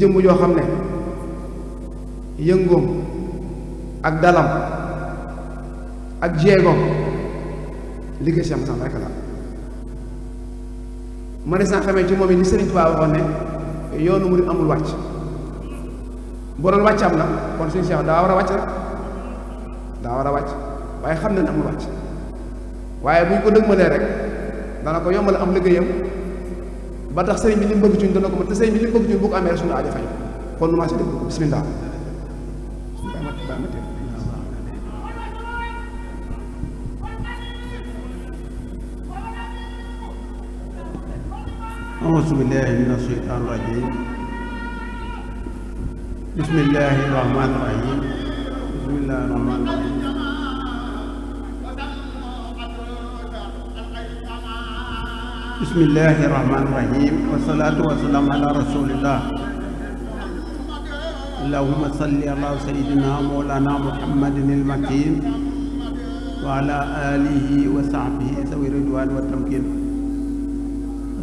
jëmm joo xam ne yëngoom ak dalam ak jéegoom liggéey Cheikh Moussa rek la ma ne saa xamee ci moom it li Sëriñ Tuubaa waxoon ne yoonu murid amul wàcc boo doon wàcc am na kon suñu Cheikh daa war a wàcc rek daa war a wàcc waaye xam na ne amul wàcc waaye bu ñu ko dëgmalee rek dana ko yombal am liggéeyam ba tax sëriñ bi li mu bëgg dana ko mën te sëriñ bi li mu bëgg ci amee rek suñu aajo kon nu maa si def ko bismillah أعوذ بالله من الشيطان الرجيم بسم الله الرحمن الرحيم بسم الله الرحمن الرحيم والصلاة والسلام على رسول الله اللهم صل على سيدنا مولانا محمد المكين وعلى آله وصحبه ذوي الرضوان والتمكين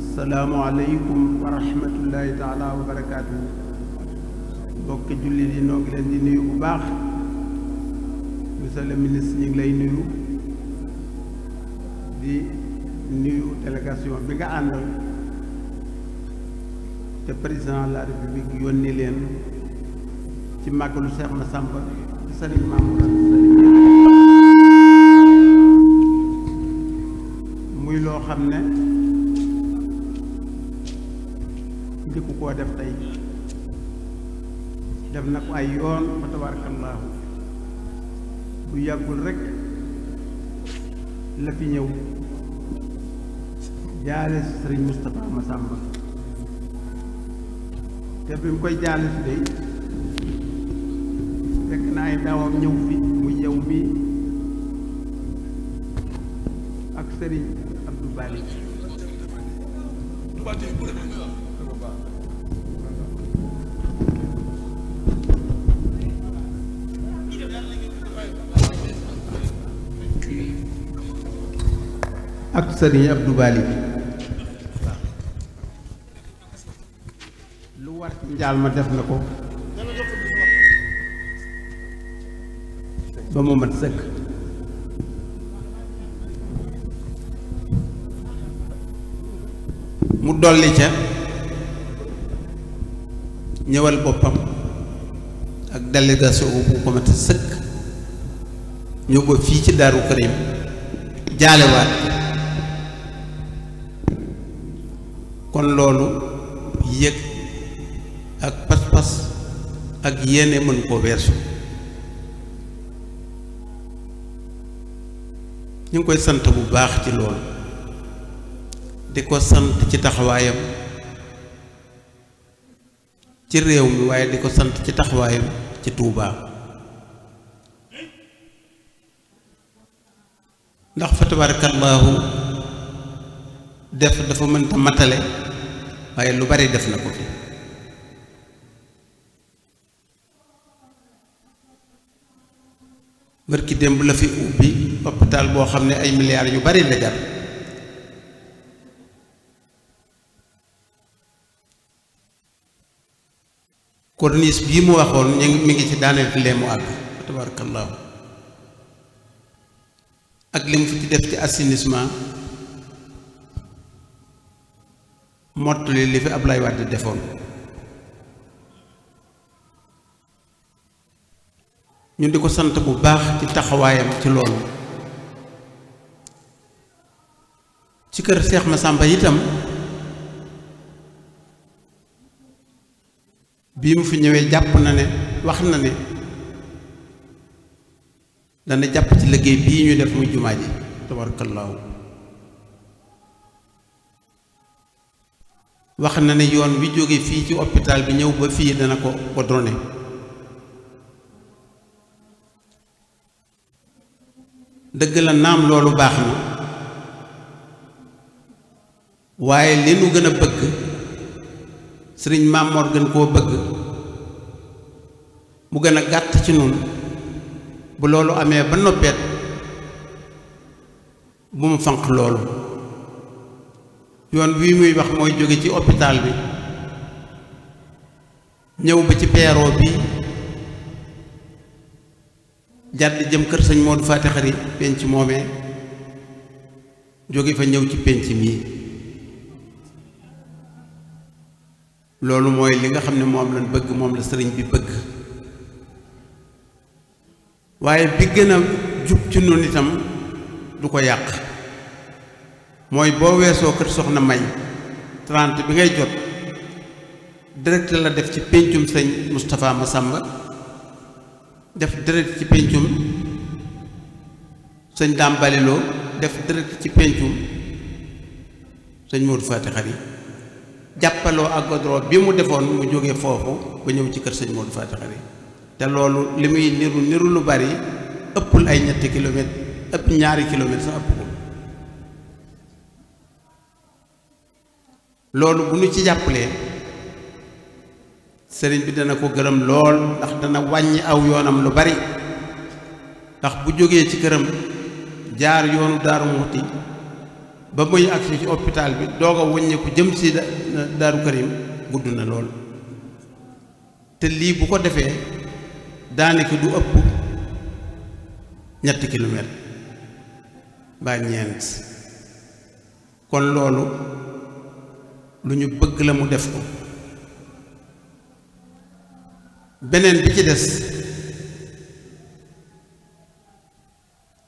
السلام عليكم ورحمة الله تعالى وبركاته بوك jullit yi noo لن دي نيو nuyu bu baax monsieur le ministre nuyu délégation bi nga àndal te président de la république yónni leen ci màggalu Cheikh na Massamba sëriñ Mamour muy loo xam ne njëkku koo def tey def na ko ay yoon fa tabarakallahu bu yàggul rek la fi ñëw jaale si sëriñ Moustapha Massamba te bi mu koy jaale si day fekk na ñëw fi muy yow ak sëriñ Abdou Bali ak njaal ma def na ko ba mu mat sëkk mu dolli ca ñëwal boppam ak délégation bu ko mat sëkk ñëw ba fii ci Daaru Karim jaalewaat kon loolu yëg ak pas-pas ak yéene mën koo weesu ñu ngi koy sant bu baax ci loolu di ko sant ci taxawaayam ci réew mi waaye di ko sant ci taxawaayam ci Tuubaa ndax fa tabaarakallaahu def dafa mënta matale waaye lu bari def na ko fi bërki démb la fi ubbi hôpital boo xam ne ay milliards yu bari la jar corniche bii mu waxoon ñu ngi ci daaneel lee mu àgg tabarakallahu ak li mu fi ci def ci assainissement mottali li fi Ablaye Wade defoon ñu di ko sant bu baax ci taxawaayam ci loolu ci kër Seex Masàmba itam bii mu fi ñëwee jàpp na ne wax na ne dana jàpp ci liggéey bii ñu def muy jumaa ji tabarakallaahu wax na ne yoon wi jóge fii ci hôpital bi ñëw ba fii dana ko ko drone dëgg la naam loolu baax na waaye li nu gën a bëgg sëriñ maam Maamoor gën koo bëgg mu gën a gàtt ci nun bu loolu amee ba noppeet bu mu fanq loolu yoon wi muy wax mooy jóge ci hôpital bi ñëw ba ci peeroo bi jàdd jëm kër sëñ Modou Faty Khary penc moomee jóge fa ñëw ci penc mii loolu mooy li nga xam ne moom lañ bëgg moom la sëriñ bi bëgg waaye bi gën a jub ci noonu itam du ko yàq mooy boo weesoo kër soxna may trente bi ngay jot direct la def ci pencum sëñ Moustapha sàmba def direct ci péncum sëñ daam def direct ci péncum sëñ Modou Faty Khary jàppaloo ak godoro bi mu defoon mu jógee foofu ba ñëw ci kër sëñ Modou Faty te loolu li muy niru niru lu bari ëppul ay ñetti kilomètre ëpp ñaari kilomètre sax ëpp loolu bu ñu ci jàppalee sëriñ bi dana ko gërëm lool ndax dana wàññi aw yoonam lu bari ndax bu jógee ci këram jaar yoonu daaru muxti ba muy agsi ci hôpital bi doog a jëm si daaru karim gudd na lool te lii bu ko defee daanaka du ëpp ñetti kilomètre ba kon loolu lu ñu bëgg la mu def ko beneen bi ci des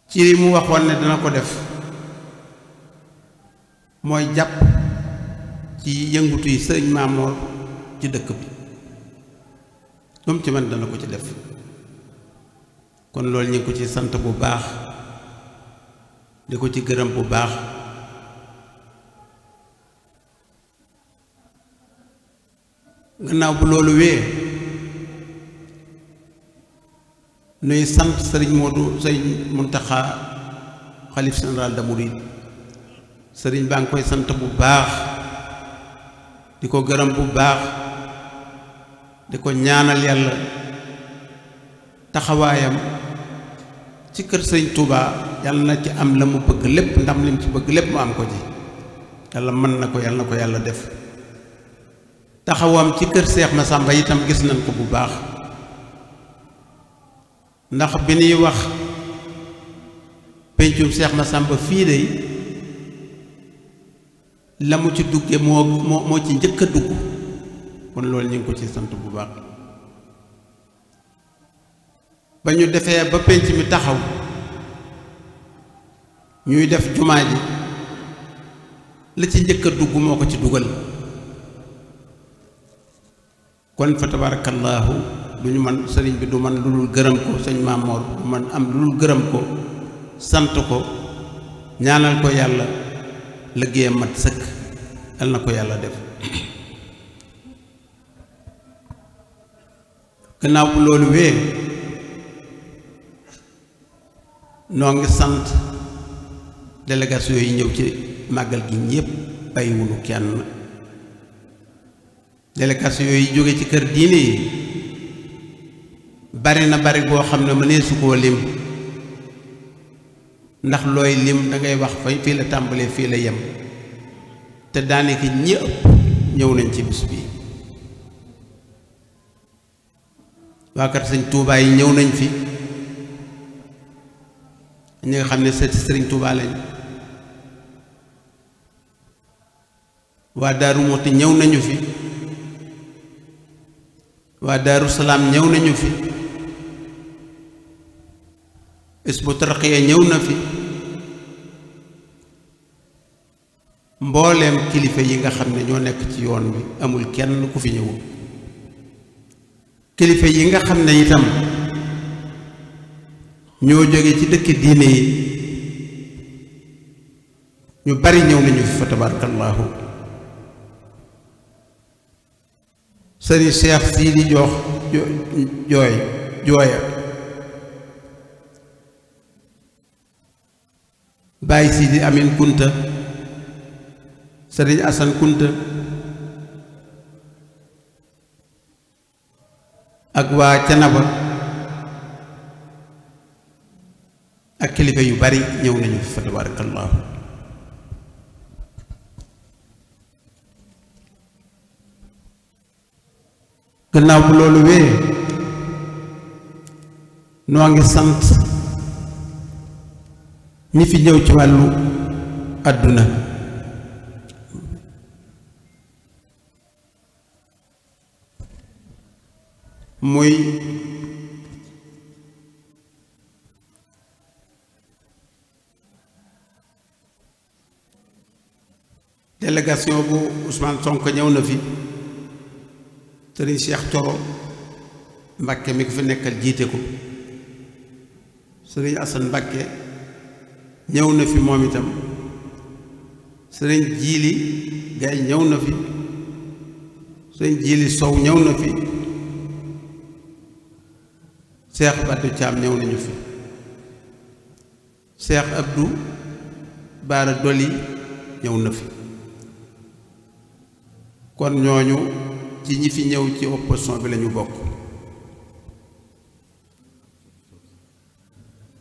ci mu waxoon ne dana ko def mooy jàpp ci yëngutu yi sëriñ Maamoor ci dëkk bi lu ci man dana ko ci def kon loolu ñu ko ci sant bu baax di ko ci gërëm bu baax gannaaw bu loolu wee nuy sant sëriñ Modou sëriñ Muntaxa xalif général des mourides sëriñ baa ngi koy sant bu baax di ko gërëm bu baax di ko ñaanal yàlla taxawaayam ci kër sëriñ tubaa yàlla na ci am la mu bëgg lépp ndam lim ci bëgg lépp mu am ko ci yàlla mën na ko yàlla ko yàlla def taxawam ci kër Seex Masamba itam gis nañ ko bu baax ndax bi ñuy wax pencum Seex na Masàmba fii de la mu ci dugge moo moo ci njëkk a dugg kon loolu ñu ngi ko ci sant bu baax ba ñu defee ba penc mi taxaw ñuy def jumaa ji la ci njëkk a dugg moo ko ci dugal kon fa tabaarakallaahu du ñu man sëriñ bi du man lu dul gërëm ko sañ Maam Moor du man am lu dul gërëm ko sant ko ñaanal ko yàlla liggéeyam mat sëkk yal na ko yàlla def gannaaw bu loolu wee noo ngi sant délégation yi ñëw ci màggal gi ñëpp bàyyiwunu kenn délégation yi jóge ci kër diine yi bari na bari go xamne ne mënee lim ndax loy lim da ngay wax fay fi la tambale fi la yam te daanaka ñi ëpp ñëw nañ ci bis bi waa kat sëñ Touba yi ñëw nañ fi ñi nga xamne ne sëti Touba lañ wa daru Muxti ñëw nañu fi wa daru salam ñëw nañu fi isbu tarqiya ñëw na fi mbooleem kilifa yi nga xam ne ñoo ci yoon bi amul kenn ku fi ñëwul kilifa yi nga xam ne itam ñoo jóge ci dini, diine yi ñu bari ñëw nañu fi fa tabarakallahu Cheikh Sidi jox Baye Sidi Amin Kunta Serigne Assane Kunta ak waa Canaba ak kilifa yu bari ñëw nañu fa tabarakallahu gannaaw bu loolu wee noo ngi sant ni fi ñew ci walu aduna muy délégation bu Ousmane Sonko ñew na fi Serigne Cheikh Toro Mbacke mi ko fi nekkal jité ko Serigne Assane Mbacke ñëw na fi moom itam sëriñ jiili gay ñëw na fi sëriñ jiili sow ñëw na fi seex batu caam ñëw nañu fi seex abdu baara doli ñëw na fi kon ñooñu ci ñi fi ñëw ci opposition bi lañu bokk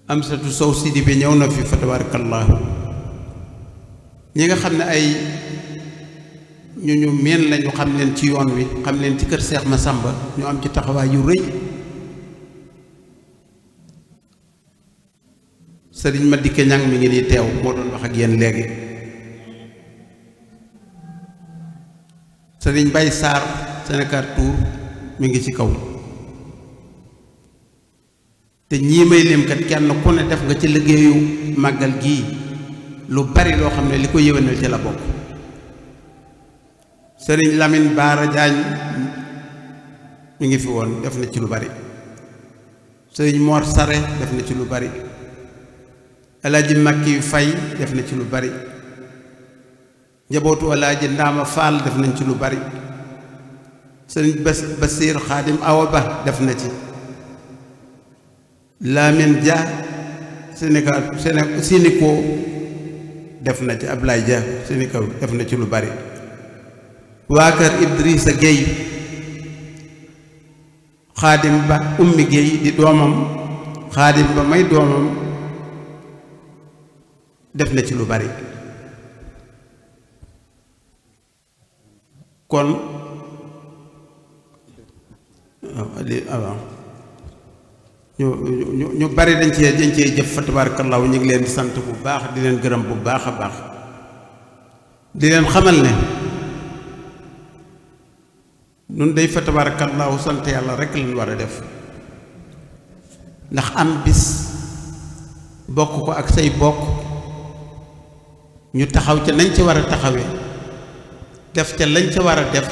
saw si di ñëw na fi fa tabarakallahu ñi nga xamne ay ñu ñu meen lañu xam leen ci yoon wi xam leen ci keur cheikh massamba ñu am ci taxawa yu reuy serigne madike ñang mi ngi ni tew mo doon wax ak yeen serigne Bay sar senegal Tour mi ngi ci kaw te ñii may limkat kenn ku ne def nga ci liggéeyu màggal gii lu bari loo xam ne li ko yéwénal ci la bokk sëriñ Lamine Baara Diagne ngi fi woon def na ci lu bari sëriñ Mor Sare def na ci lu bari alaaji Makki yu Fay def na ci lu bari njabootu alaaji Ndaama Faal def nañ ci lu bari sëriñ Bas Basiir Xaadim Awa Ba def na ci Lamine Dia Sénégal Sénico def na ci Ablaye Dia Sénico def na ci lu bari waa kër Idrissa Gueye xaadim ba ummi Gueye di doomam xaadim ba may doomam def na ci lu bari kon waaw ñu ñu ñu bari dañ cee dañ cee jëf fa tabaarakallaahu ñu ngi leen sant bu baax di leen gërëm bu baax a baax di leen xamal ne nun day fa tabaarakallaahu sant yàlla rekk lañ war a def ndax am bis bokk ko ak say bokk ñu taxaw ca lañ ca war a taxawee def ca lañ ca war a def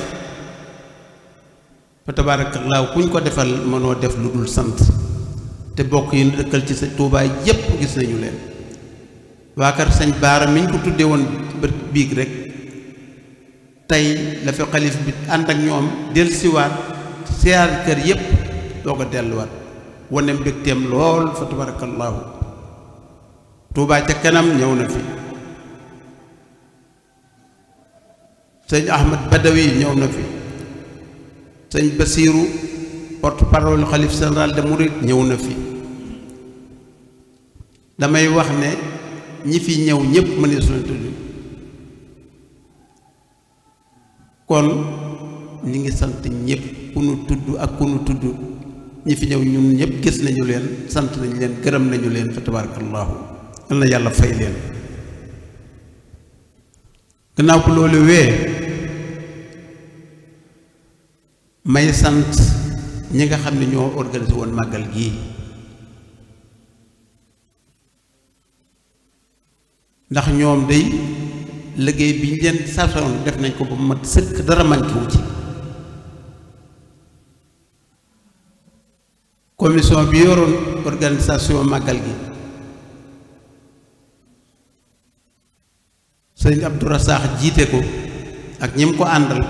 fa tabaarakallaahu kuñ ko defal mënoo def lu dul sant te bokk yi nu ci sa tuubaay yépp gis nañu leen waa kër sëñ baara mi ñu ko tuddee woon bët biig rek tey la fi xalif bi ànd ak ñoom dellusiwaat siyaar kër yépp doo ko delluwaat wane mbégteem lool fa tabarakallahu tuubaa ca kanam ñëw na fi sëñ ahmad badawi ñëw na fi sëñ basiiru porte-parole xalif général de Mouride ñëw na fi damay wax ne ñi fi ñëw ñëpp mënee suñu tudd kon ñi ngi sant ñëpp ku nu tudd ak ku nu tudd ñi fi ñëw ñun ñëpp gis nañu leen sant nañu leen gërëm nañu leen fa tabarakallahu yal na yàlla fay leen gannaaw ko loolu wee may sant ñi nga xam ne ñoo organisé woon màggal gii ndax ñoom day liggéey bi ñu leen sartoon def nañ ko ba mu mat sëkk dara mankiwu ci commission bi yoroon organisation màggal gi sëñ Abdou Rassakh jiite ko ak ñi mu ko àndal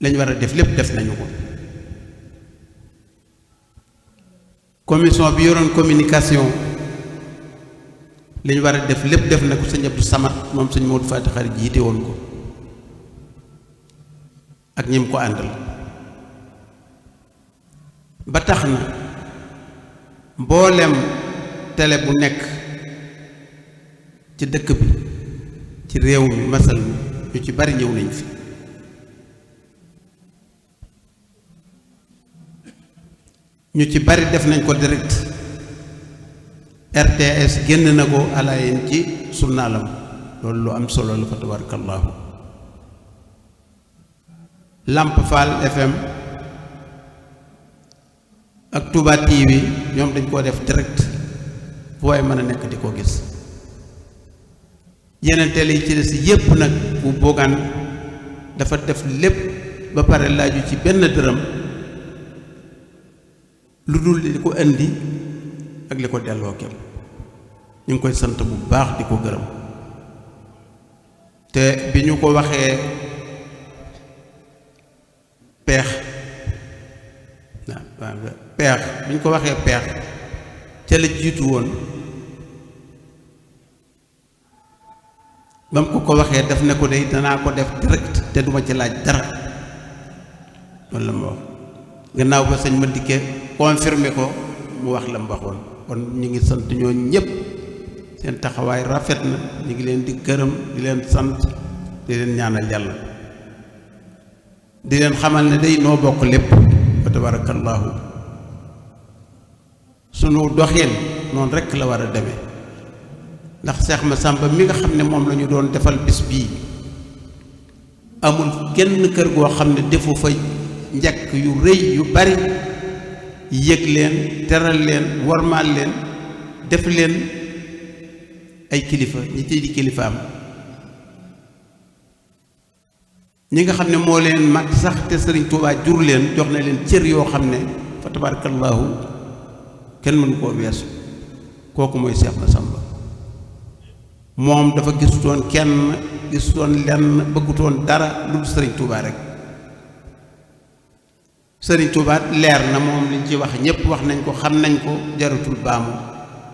lañu war a def lépp def nañu ko commission bi yoroon communication li ñu war a def lépp def na ko sëñ Abdou Samad moom sëñ Maodo Fati Xarit jiite woon ko ak ñi mu ko àndal ba tax na mboolem tele bu nekk ci dëkk bi ci réew mi masal mi ñu ci bari ñëw nañ fi ñu ci bari def nañ ko direct RTS génn na ko alaayeen ci surnaalam loolu lu am solo la fa tabarakallahu Lamp Fall FM ak Touba TV ñoom dañ koo def direct fu waaye mën a nekk di ko gis yeneen ci des yépp nag bu boogaan dafa def lépp ba pare laaju ci benn dërëm lu dul li ko indi ak li ko delloo kem ñu ngi koy sant bu baax di ko gërëm te bi ñu ko waxee peex waaw peex bi ko waxee peex ca la jiitu woon ba mu ko ko waxee daf ne ko de danaa ko def direct te duma ci laaj dara loolu la ma wax gannaaw ba sëñ ma dikkee confirmer ko mu wax la mu kon ñi ngi sant ñoo ñep seen taxaway rafet na ñi ngi leen di gërëm di leen sant di leen ñaanal yàlla di leen xamal ne day no bok lépp wa tabarakallahu sunu doxel non rek la wara deme ndax cheikh ma samba mi nga xamne mom lañu doon defal bis bi amul kenn kër go xamne defu fa njëkk yu rëy yu bari yëg leen teral leen warmaal leen def leen ay kilifa ñi tey di kilifaam ñi nga xam ne moo leen mag sax te sëriñ Tuubaa jur leen jox na leen cër yoo xam ne fa tabarakallahu kenn mënu koo weesu kooku mooy Seex Masamba moom dafa gisutoon kenn gisutoon lenn bëggutoon dara lu dul sëriñ Tuubaa rek sëriñ tubaat leer na moom liñ ci wax ñëpp wax nañ ko xam nañ ko jarutul baamu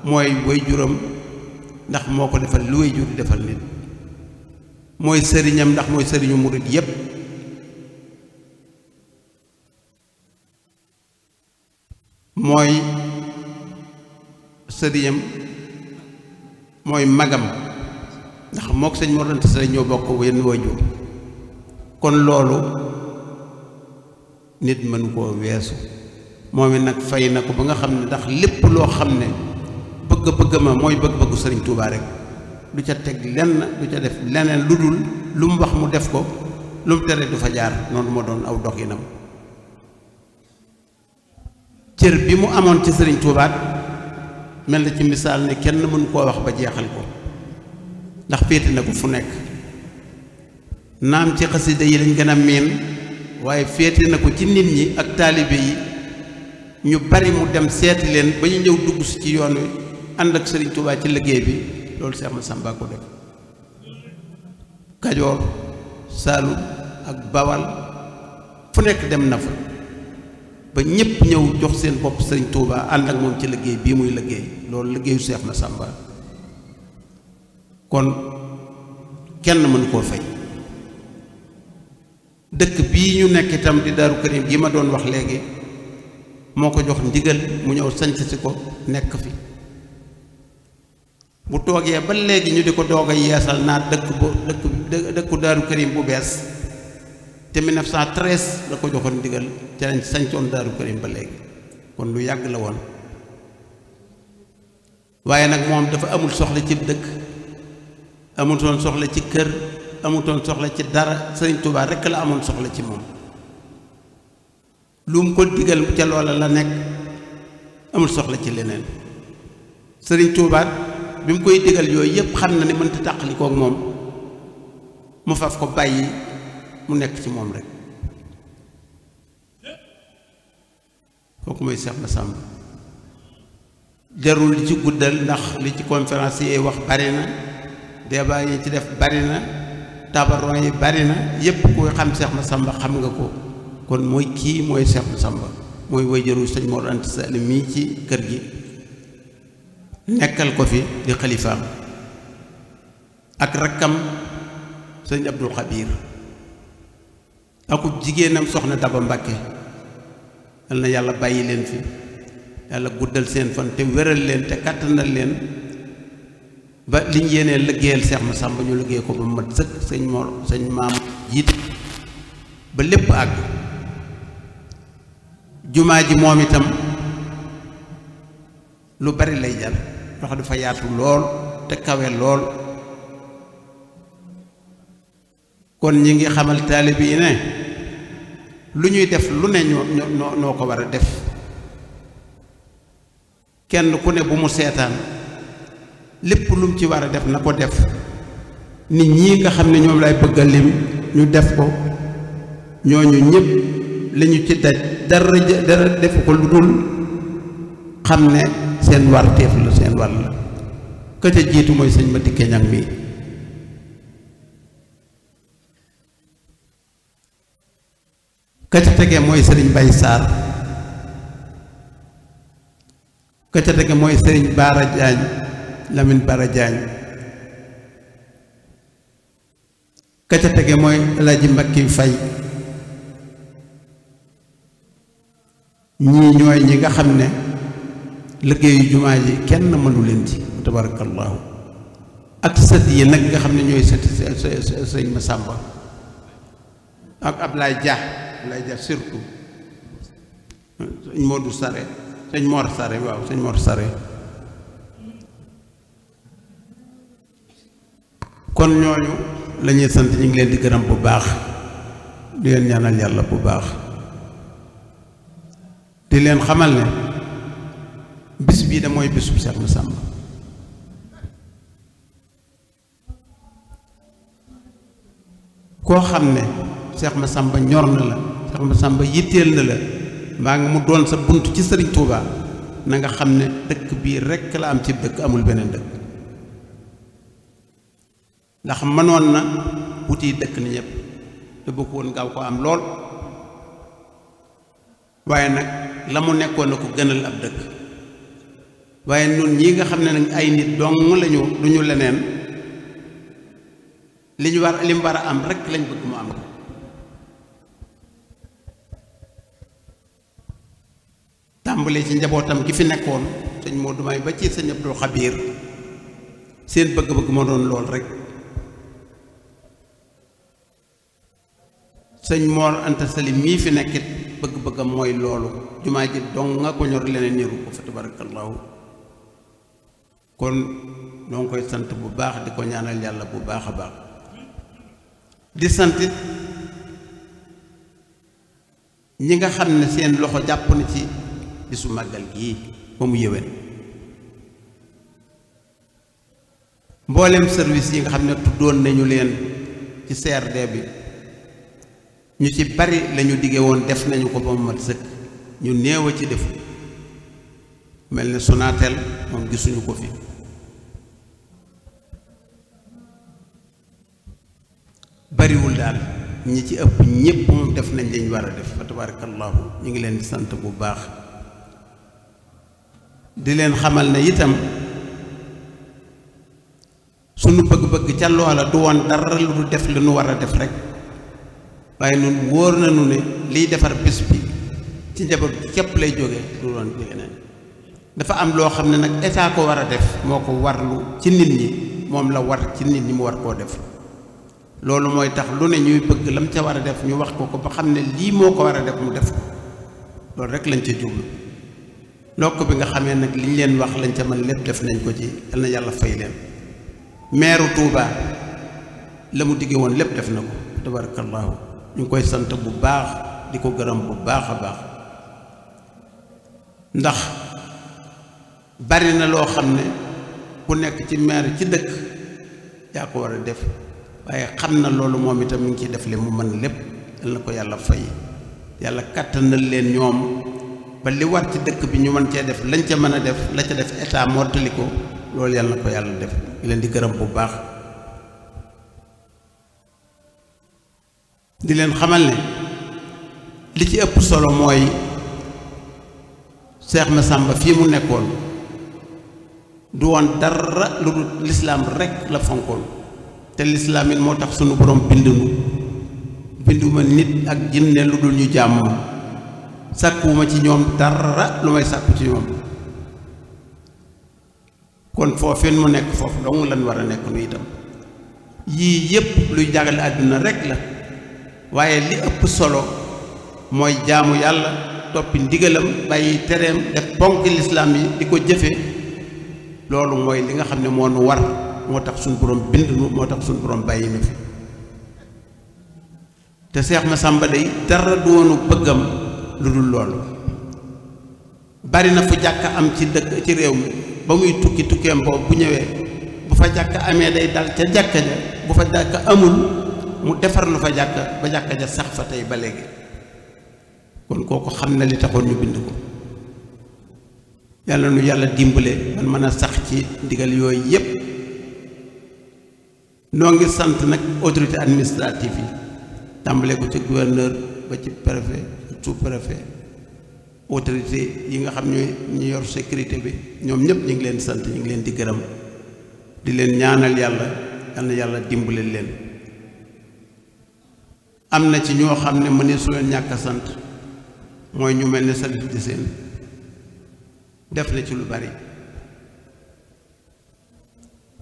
mooy way juram ndax moo ko defal lu way jur defal nit mooy sëriñam ndax mooy sëriñu murit yépp mooy sëriñam mooy magam ndax mook sëñ Mor Anta Sali bokk wenn way jur kon loolu nit mënu koo weesu moom it nag fay na ko ba nga xam ne ndax lépp loo xam ne bëgg-bëgg ma mooy bëgg-bëggu sëriñ Touba rek du ca teg lenn du ca def leneen lu dul lu mu wax mu def ko lu mu tere du fa jaar noonu moo doon aw doxinam cër bi mu amoon ci sëriñ Touba mel na ci misaal ne kenn mënu koo wax ba jeexal ko ndax féete na ko fu nekk naam ci xasida yi lañ gën a miin waaye féete na ko ci nit ñi ak taalibe yi ñu bari mu dem seeti leen ba ñu ñëw dugg si ci yoon ànd ak Serigne Touba ci liggéey bi loolu Cheikh Massamba ko def Kajoor Saalum ak Bawal fu nekk dem na fa ba ñépp ñëw jox seen bopp Serigne Touba ànd ak moom ci liggéey bii muy liggéey loolu liggéeyu Cheikh Massamba kon kenn mënu koo fay. dëkk bii ñu nekk itam di Daaru Karim gi ma doon wax léegi moo ko jox ndigal mu ñëw sanc si ko nekk fi bu toogee ba léegi ñu di ko doog a yeesal naa dëkk bu dëkk dëkku Daaru Karim bu bees te 1913 la ko joxoon ndigal ca lañ sancoon Daaru Karim ba léegi kon lu yàgg la woon waaye nag moom dafa amul soxla ci dëkk amul soon soxla ci kër amutoon soxla ci dara sëriñ touba rek la amoon soxla ci moom lu mu ko digal ca loola la nekk amul soxla ci leneen sëriñ touba bi mu koy digal yooyu yëpp xam na ne mënta ak moom mu faf ko bàyyi mu nekk ci moom rek kooku mooy Seex Masàmba jarul li ci guddal ndax li ci conférence yi wax bari na débat yi ci def bari na tabaron yi bari na yëpp koy xam Cheikh Massamba xam nga ko kon mooy kii mooy Cheikh Massamba mooy wayjëru sëñ Mor Anta Sall mii ci kër gi nekkal ko fi di xalifaam ak rakkam sëñ Abdul Xabiir akub jigéenam soxna Daba Mbàkke yal na yàlla bàyyi leen fi yàlla guddal seen fan te wéral leen te kàttanal leen ba liñ yéenee liggéeyal Seex ma ñu liggéey ko ba mat sëkk sëñ sëñ maam jiit ba lépp àgg jumaa ji moom itam lu bari lay jar ndax dafa yaatu lool te kawe lool kon ñi ngi xamal taalibe yi ne lu ñuy def lu ne ñoo ñoo ko war a def kenn ku ne bu mu seetaan lépp lu ci war a def na ko def nit ñi nga xam ne ñoom lay bëgg a lim ñu def ko ñooñu ñëpp li ñu ci daj dara dara def ko lu dul xam ne seen war teef la seen war la ka jiitu mooy sëñ ma dikke ñag mi ka ca mooy sëriñ Bay Saar ka ca mooy sëriñ Baara Jaañ Lamine Bara Diagne ka ca tege mooy Alaaji Mbakki Fay ñii ñooy ñi nga xam ne liggéeyu jumaa ji kenn mënu leen ci tabarakallahu ak sët yi nag nga xam ne ñooy sët sëñ Masamba ak Ablaye Dia Ablaye Dia surtout sëñ Modou Sare sëñ Mor Sare waaw sëñ Mor Sare kon ñooñu la ñuy sant ñu ngi leen di gërëm bu baax di leen yàlla bu baax di leen xamal ne bis bii da mooy bisub Seex Masàmba koo xam ne Seex Masàmba ñor na la Seex Masàmba yitteel na la mbaa ngi mu doon sa bunt ci Sëriñ Tuubaa na nga xam ne dëkk bii rekk la am ci dëkk amul beneen dëkk ndax mënoon na wuti dëkk ni yëpp te bëgg woon gaaw ko am lool waaye nag la mu nekkoon na ko gënal ab dëkk waaye nun ñi nga xam ne nag ay nit dong lañu du ñu leneen li ñu war li war a am rek lañ bëgg mu am ko tàmbalee ci njabootam gi fi nekkoon sëñ Modou May ba ci sëñ Abdul Xabiir seen bëgg-bëgg moo doon lool rek sëñ Mor Anta Sali mii fi nekkit bëgg-bëggam mooy loolu jumaa ji dong nga ko ñor leneen ñëru ko fa tabarakallahu kon ñoo ngi koy sant bu baax di ko ñaanal yàlla bu baax a baax di santit ñi nga xam ne seen loxo jàpp na ci bisu màggal gii ba mu yéwén mboolem service yi nga xam ne tuddoon nañu leen ci CRD bi ñu ci bari lañu digge woon def nañu ko ba mu mat sëkk ñu néew a ci defu mel ne Sonatel moom gisuñu ko fi bariwul daal ñi ci ëpp ñépp moom def nañ liñ war a def fa tabarakallahu ñu ngi leen di sant bu baax di leen xamal ne itam sunu bëgg-bëgg ca loola du woon dara lu def li nu war a def rekk waaye nun wóor nañu ne liy defar bés bi ci njaboot bi képp lay jóge du doon ci leneen dafa am loo xam ne nag état ko war a def moo ko war warlu ci nit ñi moom la war ci nit ñi mu war koo def loolu mooy tax lu ne ñuy bëgg lam ca war a def ñu wax ko ko ba xam ne lii moo ko war a def mu def ko loolu rek lañ ca jublu lokk bi nga xamee nag liñ leen wax lañ ca man lépp def nañ ko ci yàlla fay leen meeru Touba la mu digge woon lépp def na ko tabarakallahu ñu ngi koy sant bu baax di ko gërëm bu baax a baax ndax bari na loo xam ne ku nekk ci maire ci dëkk yaa ko war a def waaye xam na loolu moom itam mi ngi ciy def li mu mën lépp yal na ko yàlla fay yàlla kàttanal leen ñoom ba li war ci dëkk bi ñu mën cee def lañ ca mën a def la ca def état mottali ko loolu yàlla na ko yàlla def ñu leen di gërëm bu baax di leen xamal ne li ci ëpp solo mooy Seex sàmba fii mu nekkoon du woon dara lu dul lislaam rekk la fonkoon te lislaam moo tax sunu borom bindunu binduma nit ak jinne lu dul ñu jàmm sàkkuwuma ci ñoom dara lu may sàkku ci ñoom kon foofin mu nekk foofu dong lan war a nekk nu itam yii yépp luy jàggale àdduna rekk la waaye li ëpp solo mooy jaamu yàlla toppi ndigalam bàyyi tereem def ponk lislaam yi di ko jëfe loolu mooy li nga xam ne moonu war moo tax suñu borom bind nu moo tax suñu borom bàyyi nu fi te Seex Masamba day dara doonu bëggam lu dul loolu bari na fu jàkk am ci dëkk ci réew mi ba muy tukki tukkeem boobu bu ñëwee bu fa jàkk amee day dal ca jàkka ja bu fa jàkka amul mu defar lu fa jàkka ba jàkka ja sax fa tey ba léegi kon kooku xam na li taxoon ñu bind ko yàlla nu yàlla dimbale man mën a sax ci ndigal yooyu yépp noo ngi sant nag autorité administrative yi tàmbale ko ci gouverneur ba ci préfet sous préfet autorité yi nga xam ne ñu yor sécurité bi ñoom ñëpp ñu ngi leen sant ñu ngi leen di gërëm di leen ñaanal yàlla yal na yàlla dimbale leen am na ci ñoo xam ne mënee su leen ñàkk a sant mooy ñu mel ne Salif Diséne def na ci lu bari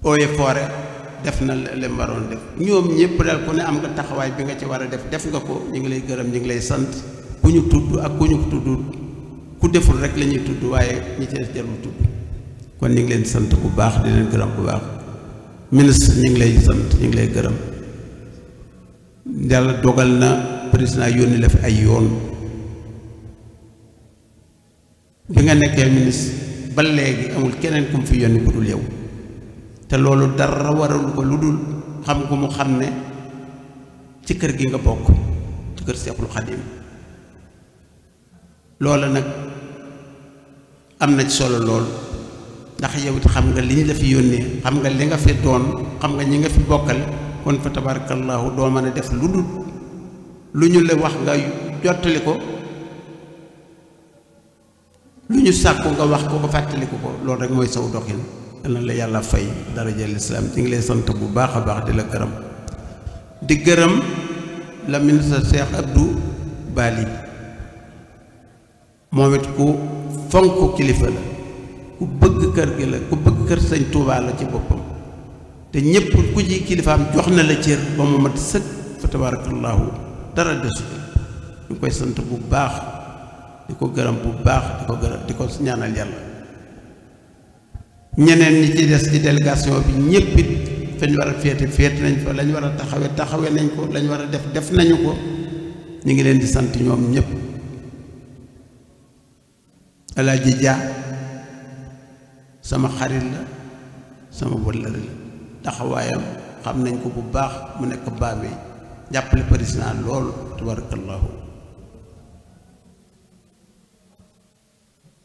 Eaux et Forêts def na leen waroon def ñoom ñëpp daal ku ne am nga taxawaay bi nga ci war a def def nga ko ñu ngi lay gërëm ñu ngi lay sant ku ñu tudd ak ku ñu tudd ku deful rek lañuy ñuy tudd waaye ñi ci def jarul tudd kon ñu ngi leen sant bu baax di leen gërëm bu baax ministre ñu ngi lay sant ñu ngi lay gërëm. yàlla dogal na président yónni la fi ay yoon bi nga nekkee ministre ba léegi amul keneen ku mu fi yónni ku dul yow te loolu dara waralu ko lu dul xam ku mu xam ne ci kër gi nga bokk ci kër Seexul Xadim loola nag am na ci solo lool ndax yow it xam nga li ñu la fi yónnee xam nga li nga fi doon xam nga ñi nga fi bokkal kon fa tabarakallahu doo mën a def lu dul lu ñu la wax nga jottali ko lu ñu sàkku nga wax ko ba fàttaliku ko loolu rek mooy saw doxin yal la yàlla fay daraja lislaam ci ngi lay sant bu baax a baax di la gërëm di gërëm la ministre Cheikh Abdou Bali moom it ku fonk kilifa la ku bëgg kër gi la ku bëgg kër sëñ Tuubaa la ci boppam te ñëpp ku ci kilifaam jox na la cër ba mu mat sëkk fa tabaarakallaahu dara desu ñu koy sant bu baax di ko gërëm bu baax di ko gërëm di ko ñaanal yàlla ñeneen ñi ci des ci délégation bi ñëpp it fañ war a féete féete nañ ko lañ war a taxawe taxawe nañ ko lañ war a def def nañu ko ñu ngi leen di sant ñoom ñëpp Alaaji Dia sama xarit la sama wëllëre la taxawaayam xam nañ ko bu baax mu nekk Bambey jàppale président lool tabarakallahu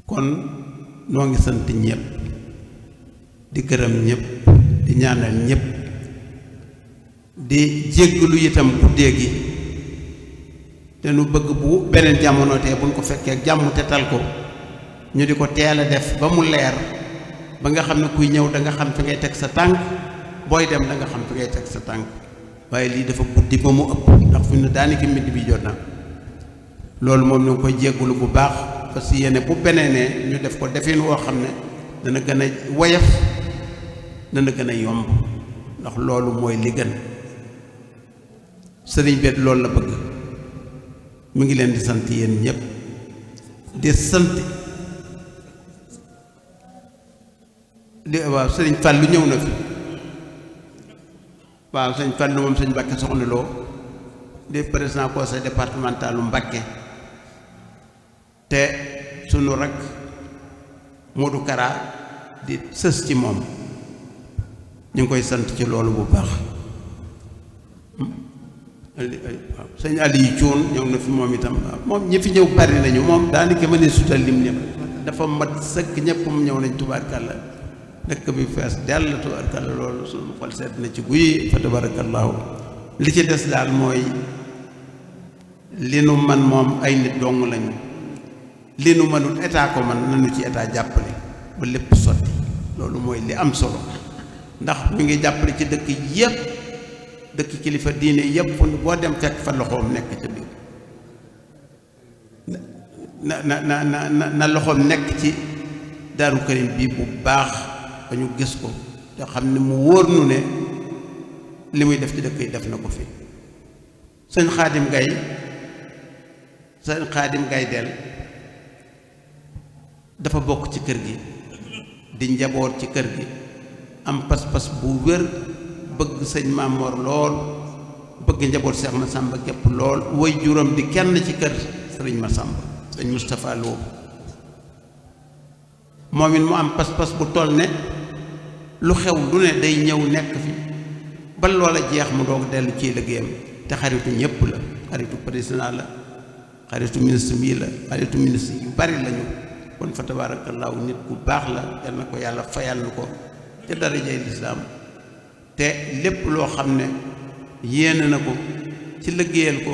kon noo ngi sënt ñépp di këram ñépp di ñaanal ñépp di jéggalu itam guddee gi te nu bëgg bu beneen jamono te buñ ko fekkee ak jàmm te tal ko ñu di ko teel a def ba mu leer ba nga xam ne kuy ñëw da xam fi ngay teg sa tànk booy dem da nga xam fi ngay teg sa tànk waaye lii dafa guddi ba mu ëpp ndax fi ne daanaka midi bi jot na loolu moom ñu ngi koy jéggulu bu baax parce que yéene bu beneenee ñu def ko defin woo xam ne dana gën a woyof dana gën a yomb ndax loolu mooy li gën sëriñ bet loolu la bëgg mu ngi leen di sant yéen ñëpp di sant di waaw sëriñ Fall lu ñëw na fi waaw sëñ Fallou moom sañ Mbàkke soxna loo di président conseil départemental Mbàkke te sunu rak Modou Kara di sës ci moom ñu ngi koy sant ci loolu bu baax sëñ Aliou Thioune ñëw na fi moom itam moom ñi fi ñëw bari nañu moom daanaka ma ne sutal lim lim dafa mat sëkk ñëpp mu ñëw nañ tubaarkàlla dëkk bi fees dell tubarkalla loolu suñu xol seet na ci guyi fa tubarakallaahu li ci des daal mooy li nu man moom ay nit dong lañu li nu mënul état ko man nañu ci état jàppale ba lépp sotti loolu mooy li am solo ndax mi ngi jàppale ci dëkk yépp dëkk kilifa diine yépp boo dem fekk fa loxoom nekk ca biir na na na na na loxoom nekk ci Daaru Karim bi bu baax ba ñu gis ko te xam ne mu wóor nu ne li muy def ci dëkk yi def na ko fi sëñ xaadim gay sëñ xaadim gay del dafa bokk ci kër gi di njaboot ci kër gi am pas-pas bu wér bëgg sëñ Maamoor lool bëgg njaboot Seex Masàmba gépp lool woy juróom di kenn ci kër sëriñ ma sëñ Moustapha Lo moom it mu am pas-pas bu toll ne lu xew lu ne day ñëw nekk fi ba loola jeex mu doog dellu ciy liggéeyam te xaritu ñëpp la xaritu président la xaritu ministre bii la xaritu ministre yu bari lañu kon fa tabaarakallaahu nit ku baax la yal ko yàlla fayal nu ko te darajay lislaam te lépp loo xam ne yéene na ko ci liggéeyal ko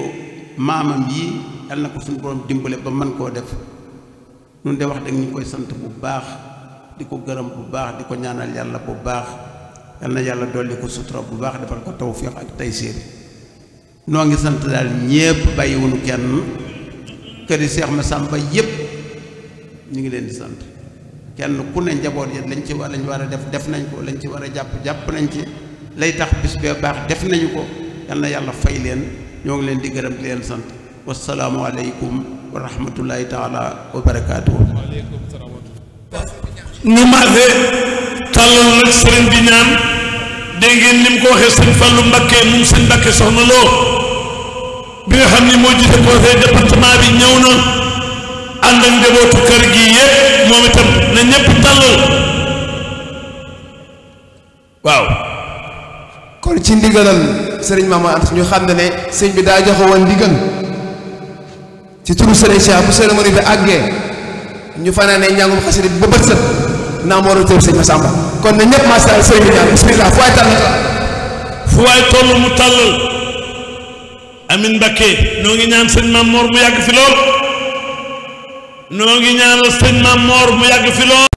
maamam yi yal na ko suñu borom dimbale ba mën koo def nun de wax dëgg ñu koy sant bu baax di ko gërëm bu baax di ko ñaanal yàlla bu baax yal na yàlla dolli ko sutura bu baax defal ko tawfiix ak taysiir noo ngi sant daal ñépp bàyyiwuñu kenn këri Seex Masamba yépp ñu ngi leen di sant kenn ku ne njaboot yi lañ ci war lañ war a def def nañ ko lañ ci war a jàpp jàpp nañ ci lay tax bis bee baax def nañu ko yal na yàlla fay leen ñoo ngi leen di gërëm di leen sant wasalaamualeykum wa rahmatullahi taala wa barakaatu. ñu maase tàllal nag sëriñ bi ñaan dégg ni mu ko waxee sëñ Fallu Mbakke moom sëñ Mbakke soxna loo bi nga xam ni moo jiite conseil département bi ñëw na ànd ak njabootu kër gi yëpp moom itam na ñëpp tàllal waaw kon ci ndigalal sëriñ Maama Anta ñu xam ne ne bi daa joxe woon ndigal ci turu sëriñ Cheikh bu cérémonie bi àggee ñu fanaa ñàngum xasida bi ba bët naa ma war a tër sëñ Massamba kon ne ñëpp macha allah sëriñ bi ñaan bismillah fu waay tàllal mu tàllal amin Mbakke noo ngi ñaan sëñ ma Moor mu yàgg fi lool noo ngi ñaanal sëñ Maam Moor mu yàgg fi